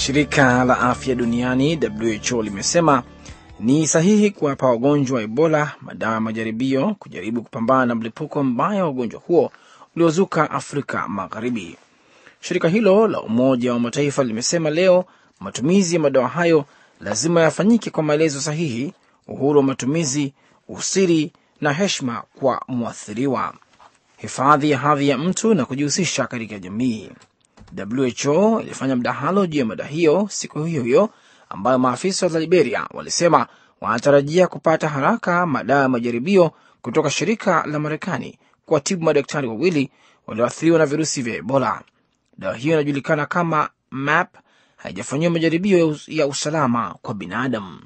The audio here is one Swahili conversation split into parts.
Shirika la afya duniani WHO limesema ni sahihi kuwapa wagonjwa wa Ebola madawa ya majaribio kujaribu kupambana na mlipuko mbaya wa ugonjwa huo uliozuka Afrika Magharibi. Shirika hilo la Umoja wa Mataifa limesema leo matumizi ya madawa hayo lazima yafanyike kwa maelezo sahihi, uhuru wa matumizi, usiri na heshima kwa mwathiriwa, hifadhi ya hadhi ya mtu na kujihusisha katika jamii. WHO ilifanya mdahalo juu ya mada hiyo siku hiyo hiyo, ambayo maafisa wa Liberia walisema wanatarajia kupata haraka madawa ya majaribio kutoka shirika la Marekani kuwatibu madaktari wawili walioathiriwa na virusi vya Ebola. Dawa hiyo inajulikana kama MAP, haijafanyiwa majaribio ya usalama kwa binadamu.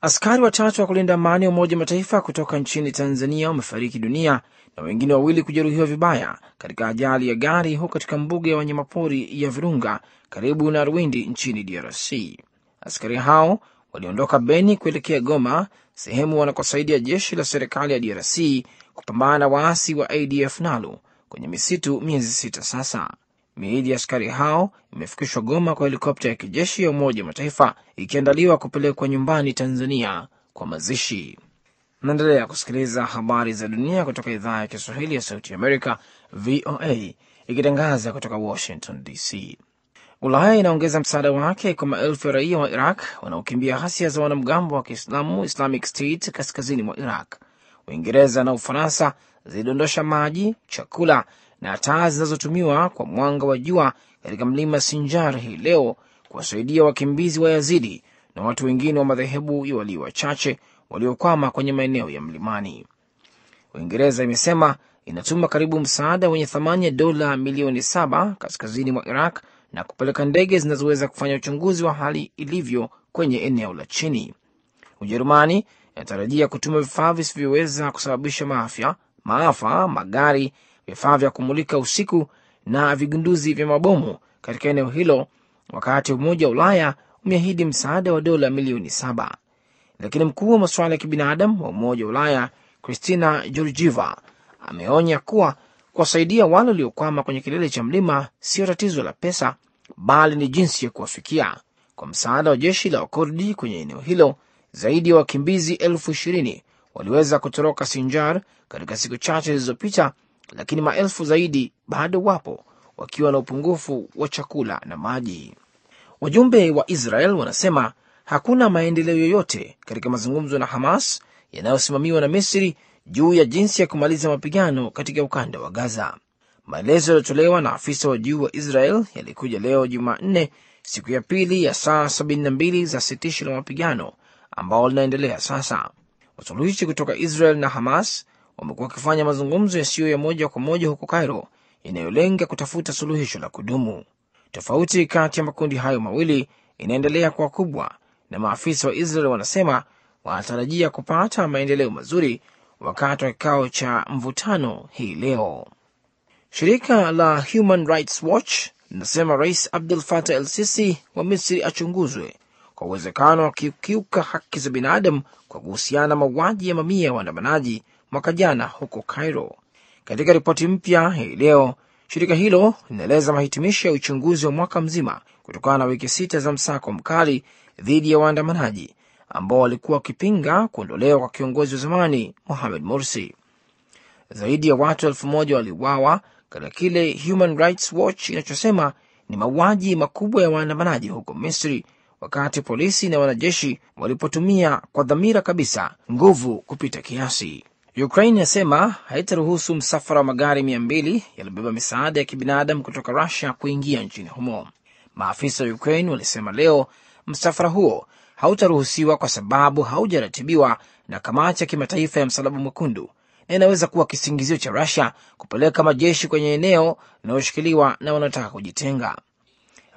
Askari watatu wa kulinda amani ya Umoja Mataifa kutoka nchini Tanzania wamefariki dunia na wengine wawili kujeruhiwa vibaya katika ajali ya gari huko katika mbuga ya wanyamapori ya Virunga karibu na Rwindi nchini DRC. Askari hao waliondoka Beni kuelekea Goma, sehemu wanakosaidia jeshi la serikali ya DRC kupambana na waasi wa ADF NALU kwenye misitu miezi sita sasa. Miili ya askari hao imefikishwa Goma kwa helikopta ya kijeshi ya Umoja wa Mataifa ikiandaliwa kupelekwa nyumbani Tanzania kwa mazishi. Naendelea kusikiliza habari za dunia kutoka idhaa ya Kiswahili ya Sauti Amerika, VOA, ikitangaza kutoka Washington DC. Ulaya inaongeza msaada wake kwa maelfu ya raia wa Iraq wanaokimbia ghasia za wanamgambo wa Kiislamu Islamic State kaskazini mwa Iraq. Uingereza na Ufaransa zilidondosha maji, chakula na taa zinazotumiwa kwa mwanga wa jua katika mlima Sinjar hii leo kuwasaidia wakimbizi wa Yazidi na watu wengine wa madhehebu ya walio wachache waliokwama kwenye maeneo ya mlimani. Uingereza imesema inatuma karibu msaada wenye thamani ya dola milioni saba kaskazini mwa Iraq na kupeleka ndege zinazoweza kufanya uchunguzi wa hali ilivyo kwenye eneo la chini. Ujerumani inatarajia kutuma vifaa visivyoweza kusababisha maafa, magari vifaa vya kumulika usiku na vigunduzi vya mabomu katika eneo hilo, wakati Umoja wa Ulaya umeahidi msaada wa dola milioni saba. Lakini mkuu wa masuala ya kibinadamu wa Umoja wa Ulaya Kristina Georgieva ameonya kuwa kuwasaidia wale waliokwama kwenye kilele cha mlima sio tatizo la pesa, bali ni jinsi ya kuwafikia kwa msaada wa jeshi la Wakurdi kwenye eneo hilo. Zaidi ya wa wakimbizi elfu ishirini waliweza kutoroka Sinjar katika siku chache zilizopita lakini maelfu zaidi bado wapo wakiwa na upungufu wa chakula na maji. Wajumbe wa Israel wanasema hakuna maendeleo yoyote katika mazungumzo na Hamas yanayosimamiwa na Misri juu ya jinsi ya kumaliza mapigano katika ukanda wa Gaza. Maelezo yaliyotolewa na afisa wa juu wa Israel yalikuja leo Jumanne, siku ya pili ya saa 72 za sitisho la mapigano ambao linaendelea sasa. Wasuluhishi kutoka Israel na Hamas wamekuwa wakifanya mazungumzo yasiyo ya moja kwa moja huko Cairo yanayolenga kutafuta suluhisho la kudumu. Tofauti kati ya makundi hayo mawili inaendelea kuwa kubwa, na maafisa wa Israel wanasema wanatarajia kupata maendeleo mazuri wakati wa kikao cha mvutano hii leo. Shirika la Human Rights Watch linasema Rais Abdul Fatah El Sisi wa Misri achunguzwe kwa uwezekano wa kukiuka haki za binadamu kwa kuhusiana mauaji ya mamia ya waandamanaji mwaka jana huko Cairo. Katika ripoti mpya hii leo, shirika hilo linaeleza mahitimisho ya uchunguzi wa mwaka mzima kutokana na wiki sita za msako mkali dhidi ya waandamanaji ambao walikuwa wakipinga kuondolewa kwa kiongozi wa zamani Mohamed Morsi. Zaidi ya watu elfu moja waliuawa katika kile Human Rights Watch inachosema ni mauaji makubwa ya waandamanaji huko Misri, wakati polisi na wanajeshi walipotumia kwa dhamira kabisa nguvu kupita kiasi. Ukraine yasema haitaruhusu msafara wa magari mia mbili yaliyobeba misaada ya kibinadamu kutoka Rusia kuingia nchini humo. Maafisa wa Ukraine walisema leo msafara huo hautaruhusiwa kwa sababu haujaratibiwa na kamati ya kimataifa ya Msalaba Mwekundu na inaweza kuwa kisingizio cha Rusia kupeleka majeshi kwenye eneo linaloshikiliwa na wanaotaka kujitenga.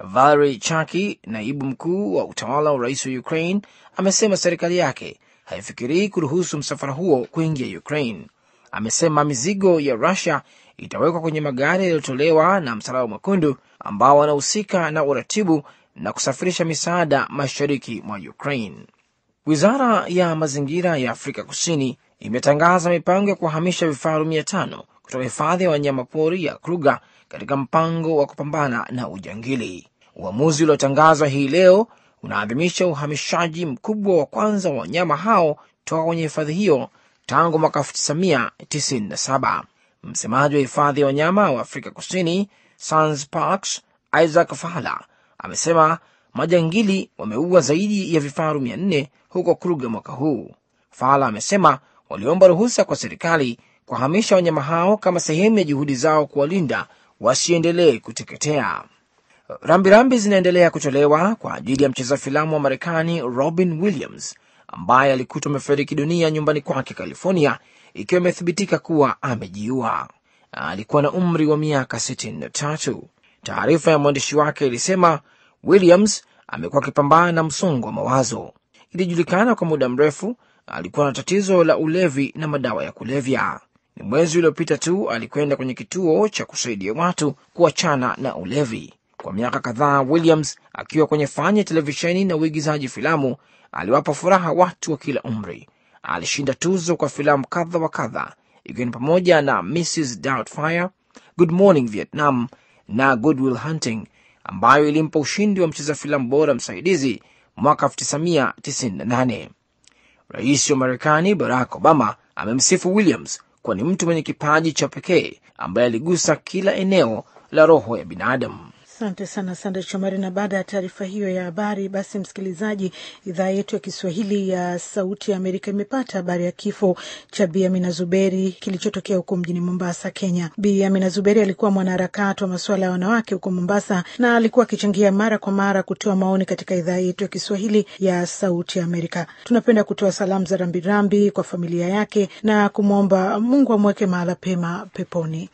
Valery Chaki, naibu mkuu wa utawala wa rais wa Ukraine, amesema serikali yake haifikirii kuruhusu msafara huo kuingia Ukraine. Amesema mizigo ya Rusia itawekwa kwenye magari yaliyotolewa na Msalaba Mwekundu ambao wanahusika na uratibu na kusafirisha misaada mashariki mwa Ukraine. Wizara ya mazingira ya Afrika Kusini imetangaza mipango ya kuwahamisha vifaru mia tano kutoka hifadhi ya wanyama pori ya Kruger katika mpango wa kupambana na ujangili. Uamuzi uliotangazwa hii leo unaadhimisha uhamishaji mkubwa wa kwanza wa wanyama hao toka kwenye hifadhi hiyo tangu mwaka 1997. Msemaji wa hifadhi ya wanyama wa Afrika Kusini Sans Parks Isaac fahla amesema majangili wameua zaidi ya vifaru 400 huko Kruger mwaka huu. fahla amesema waliomba ruhusa kwa serikali kuwahamisha wanyama hao kama sehemu ya juhudi zao kuwalinda wasiendelee kuteketea. Rambirambi rambi zinaendelea kutolewa kwa ajili ya mcheza filamu wa Marekani Robin Williams ambaye alikutwa amefariki dunia nyumbani kwake California, ikiwa imethibitika kuwa amejiua. Alikuwa na umri wa miaka 63. Taarifa ya mwandishi wake ilisema Williams amekuwa akipambana na msongo wa mawazo. Ilijulikana kwa muda mrefu alikuwa na tatizo la ulevi na madawa ya kulevya. Ni mwezi uliopita tu alikwenda kwenye kituo cha kusaidia watu kuachana na ulevi. Kwa miaka kadhaa, Williams akiwa kwenye fani ya televisheni na uigizaji filamu aliwapa furaha watu wa kila umri. Alishinda tuzo kwa filamu kadha wa kadha, ikiwa ni pamoja na Mrs Doubtfire, Good Morning Vietnam na Good Will Hunting, ambayo ilimpa ushindi wa mcheza filamu bora msaidizi mwaka 1998. Rais wa Marekani Barack Obama amemsifu Williams kuwa ni mtu mwenye kipaji cha pekee ambaye aligusa kila eneo la roho ya binadamu. Asante sana Sande Shomari. Na baada ya taarifa hiyo ya habari, basi msikilizaji, idhaa yetu ya Kiswahili ya Sauti ya Amerika imepata habari ya kifo cha Bi Amina Zuberi kilichotokea huko mjini Mombasa, Kenya. Bi Amina Zuberi alikuwa mwanaharakati wa masuala ya wanawake huko Mombasa na alikuwa akichangia mara kwa mara kutoa maoni katika idhaa yetu ya Kiswahili ya Sauti ya Amerika. Tunapenda kutoa salamu za rambirambi kwa familia yake na kumwomba Mungu amweke mahala pema peponi.